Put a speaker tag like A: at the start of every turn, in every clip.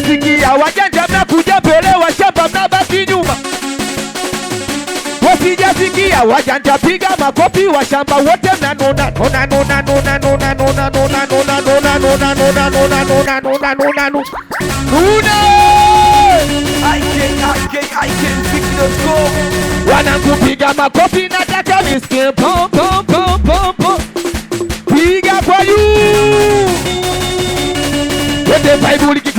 A: nasikia wajanja mnakuja mbele, washamba mnabaki nyuma. Wasijasikia wajanja, piga makofi, washamba wote mnanuna nuna nuna nuna nuna wanakupiga makofi, nataka nisikie pom pom pom pom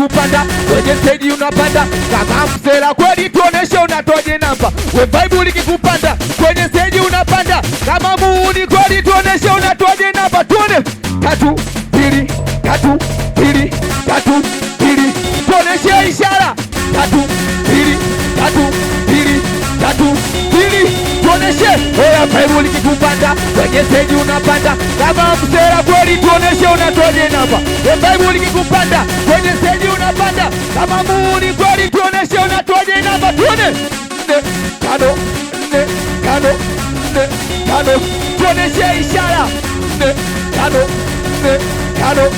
A: kupanda kwenye steji unapanda kaka msela kweli, tuoneshe unatoje namba. We vibe likikupanda kwenye steji unapanda kama muuni kweli, tuoneshe unatoje namba. Tuone tatu pili tatu pili tatu pili, tuoneshe ishara tatu pili tatu pili tatu tuoneshe. Oya Bible likikupanda kwenye stage unapanda, kama msera kweli tuoneshe unatoje namba. Oya e, Bible likikupanda kwenye stage unapanda, kama muuni kweli tuoneshe unatoje namba. Tuone tano nne tano nne tano, tuoneshe ishara nne tano nne tano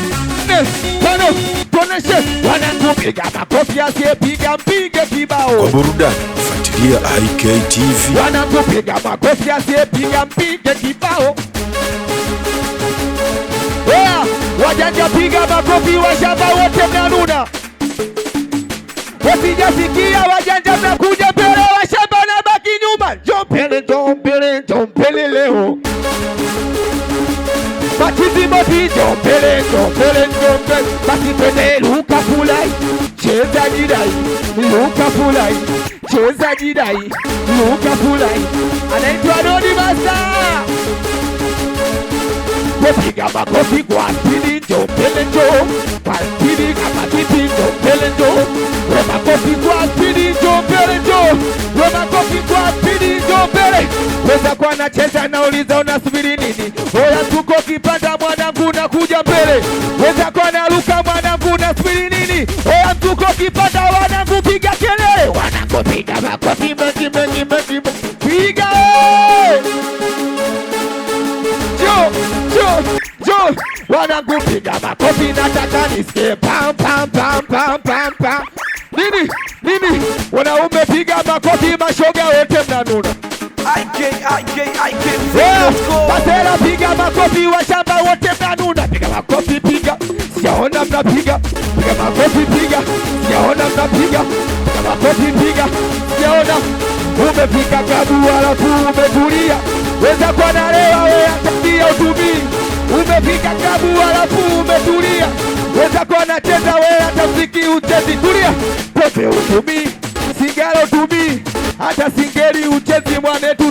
A: nne tano waoneshe wanakupiga makofi asiyepiga mpige kibao
B: kwa burudani. Fuatilia IKTV.
A: Wanakupiga makofi asiyepiga mpige kibao. Oya, wajanja piga makofi, washamba wote mnanuna, wasijasikia wajanja mnakuja mbele, washamba na baki nyuma, njompele njompele njompele leo Batizimo pijo pele ngopele ngombe basi twende luka fulai cheza jidai luka fulai cheza jidai luka fulai anaitwa Dodi Masta Kupiga makofi kwa pili njo njo kwa pili kama kiti njo njo kwa makofi kwa pili njo njo kwa makofi kwa pili njo pele kwa nacheza nauliza unasubiri nini Oya, tuko kipanda mwanangu, kuja mbele, kwa naruka mwanangu, na spiri nini? Oya, tuko kipanda wanangu, piga kelele, wanangu piga makofi mengi mengi mengi, piga eh! jo jo jo, wanangu piga makofi, nataka nisikie pam pam pam pam pam pam, nini nini, wanaume piga makofi, mashoga Pasela, piga makofi, washamba wote nanuna, piga makofi, piga sijaona mnapiga, piga makofi, piga sijaona mnapiga, piga makofi, piga sijaona umepika kabu, halafu umetulia, weza kwa nalewa we atakia utumii, umefika kabu, halafu umetulia, weza kwa nacheza we hata uchezi, tulia, pombe utumii, sigara utumii, hata singeli uchezi mwanetu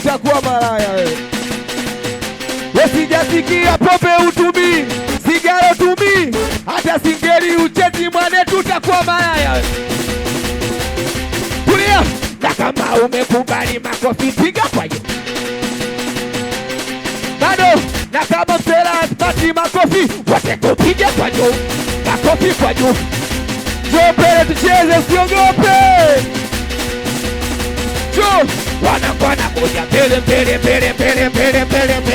A: sijasikia pombe utumii, sigara utumii, hata singeli uchezi, mwanetu utakuwa malaya. Kulia na kama umekubali makofi, piga kwa kwaje bado na kama msela basi makofi, wote kupiga kwa juu, makofi kwa juu. Njoo mbele tucheze, siogope Njoo wana kwa na mbele mbele mbele mbele mbele mbele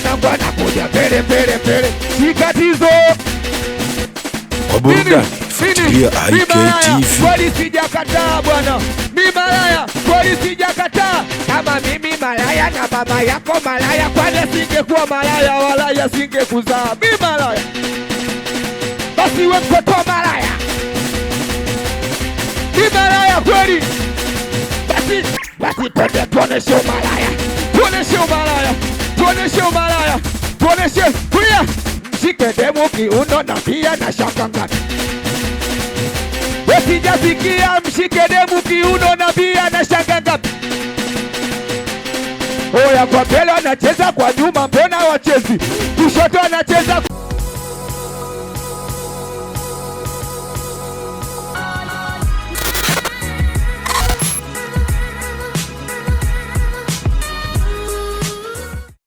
A: mwanangu anakuja pele pele pele, sikatizo katizo Kweli sijakataa bwana, mi malaya kweli sijakataa. Kama mimi malaya na baba yako malaya, kwani singekuwa malaya wala singekuzaa mi malaya, basi we mtoto malaya, mi malaya kweli. Basi basi, twende tuoneshe umalaya, tuoneshe umalaya tuoneshe umalaya, tuoneshe kulia, shike kiuno na pia na shakanga Sijafikia mshikedemu kiuno na pia na shanganga. Oya, kwa mbele anacheza, kwa nyuma mbona wachezi? Kushoto anacheza